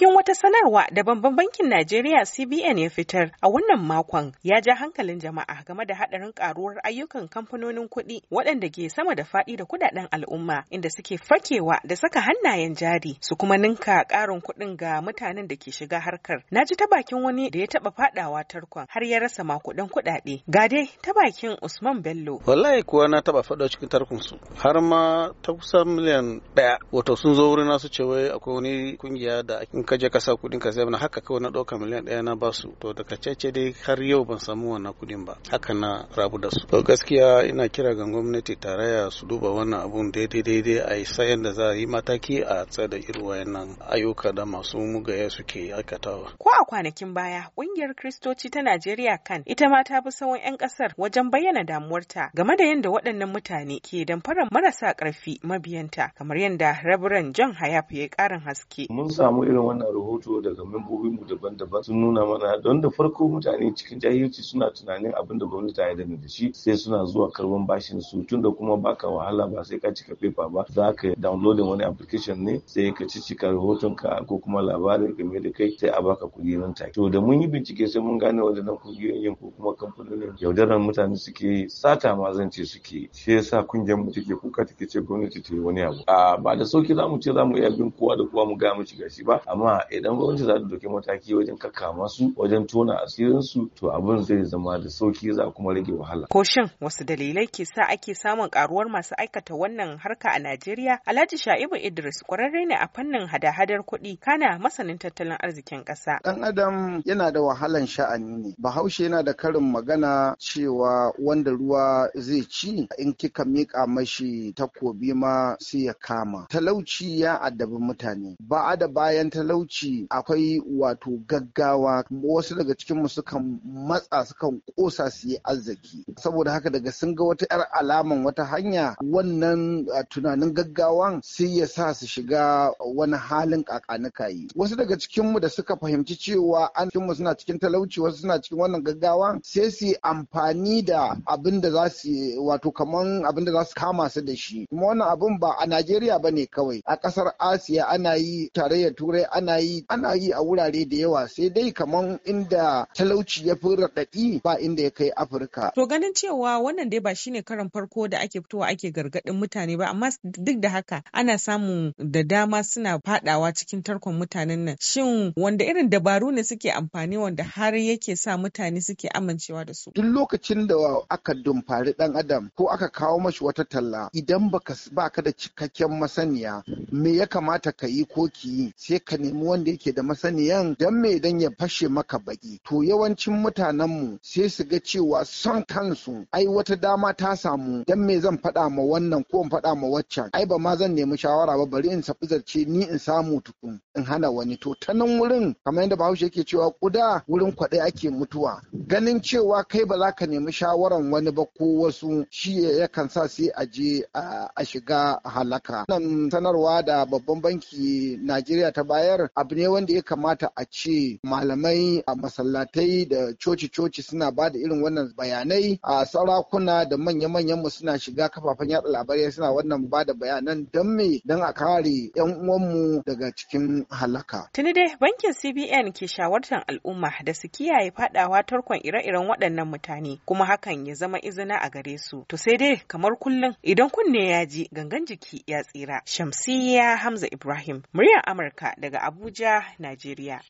cikin wata sanarwa da Babban Bankin Najeriya CBN ya fitar a wannan makon ya ja hankalin jama'a game da haɗarin karuwar ayyukan kamfanonin kuɗi waɗanda ke sama da faɗi da kuɗaɗen al'umma inda suke fakewa da saka hannayen jari su kuma ninka ƙarin kuɗin ga mutanen da ke shiga harkar. Na ji ta bakin wani da ya taɓa faɗawa tarkon har ya rasa makuɗin kuɗaɗe. Ga dai ta bakin Usman Bello. Wallahi kuwa na taɓa faɗo cikin tarkon su har ma ta kusan miliyan ɗaya wato sun zo wurin nasu ce wai akwai wani kungiya da ka je ka sa kudin ka sai na haka kawai na ɗauka miliyan ɗaya na basu to daga cece dai har yau ban samu wannan kudin ba haka na rabu da su to gaskiya ina kira ga gwamnati tarayya su duba wannan abun daidai daidai a yi sayan da za a yi mataki a tsada irin wayannan ayyuka da masu mugaye suke aikatawa ko a kwanakin baya kungiyar kristoci ta Najeriya kan ita ma ta bi sawon 'yan ƙasar wajen bayyana damuwarta game da yadda waɗannan mutane ke damfarar marasa ƙarfi mabiyanta kamar yadda rabiran John Hayaf ya ƙarin haske mun samu irin mana rahoto daga membobinmu daban-daban sun nuna mana don da farko mutane cikin jahilci suna tunanin abin da gwamnati ta yarda da shi sai suna zuwa karban bashin su tun da kuma baka wahala ba sai ka cika paper ba za ka downloading wani application ne sai ka cika rahoton ka ko kuma labarin game da kai sai a baka kuɗi nan take to da mun yi bincike sai mun gane waɗannan kungiyoyin ko kuma kamfanonin yaudarar mutane suke sata ma zan ce suke shi yasa kungiyar mu take kuka take ce gwamnati ta yi wani abu a ah, ba da sauki za mu ce za mu iya bin kowa da kowa mu ga mu shiga shi ba amma amma idan gwamnati za ta doki mataki wajen kakkama su wajen tona asirin su to abin zai zama da sauki za kuma rage wahala ko shin wasu dalilai ke sa ake samun karuwar masu aikata wannan harka a Najeriya Alhaji Sha'ibu Idris kwararre ne a fannin hada-hadar kuɗi kana masanin tattalin arzikin ƙasa dan adam yana da wahalan sha'ani ne Bahaushe yana da karin magana cewa wanda ruwa zai ci in kika mika mashi takobi ma sai ya kama talauci ya addabi mutane ba a da bayan talauci talauci akwai wato gaggawa wasu daga cikinmu sukan matsa sukan kosa su yi arziki saboda haka daga sun ga wata 'yar alaman wata hanya wannan tunanin gaggawan sai ya sa su shiga wani halin kakanuka yi wasu daga cikinmu da suka fahimci cewa an cikinmu suna cikin talauci wasu suna cikin wannan gaggawa sai su amfani da abin da za su wato kaman abin da za su kama su da shi kuma wannan abin ba a najeriya ba ne kawai a ƙasar asiya ana yi tarayyar turai ana yi ana yi a wurare da yawa sai dai kamar inda talauci ya fi raɗaɗi ba inda ya kai Afirka. To ganin cewa wannan dai ba shine karan farko da ake fitowa ake gargaɗin mutane ba amma duk da haka ana samun da dama suna faɗawa cikin tarkon mutanen nan. Shin wanda irin dabaru ne suke amfani wanda har yake sa mutane suke amincewa da su? Duk lokacin da aka dumfari ɗan adam ko aka kawo mashi wata talla idan baka baka da cikakken masaniya me ya kamata ka yi ko ki yi sai ka nemi nemi wanda yake da masaniyan dan me dan ya fashe maka baki to yawancin mutanenmu sai su ga cewa son kansu ai wata dama ta samu dan me zan faɗa ma wannan ko in faɗa ma waccan ai ba ma zan nemi shawara ba bari in sabi zarce ni in samu tukun in hana wani to ta nan wurin kamar yadda bahaushe yake cewa kuda wurin kwaɗe ake mutuwa ganin cewa kai ba za ka nemi shawaran wani ba ko wasu shi yakan sa sai a je a shiga halaka nan sanarwa da babban banki najeriya ta bayar cewar abu ne wanda ya kamata a ce malamai a masallatai da coci-coci suna ba da irin wannan bayanai a sarakuna da manya-manyanmu suna shiga kafafen yada labarai suna wannan ba da bayanan don me don a kare 'yan uwanmu daga cikin halaka. Tuni dai bankin CBN ke shawartar al'umma da su kiyaye fadawa tarkon ire-iren waɗannan mutane kuma hakan ya zama izina a gare su. To sai dai kamar kullum idan kunne ya ji gangan jiki ya tsira. Shamsiyya Hamza Ibrahim, muryar Amurka daga Abuja, Najeriya.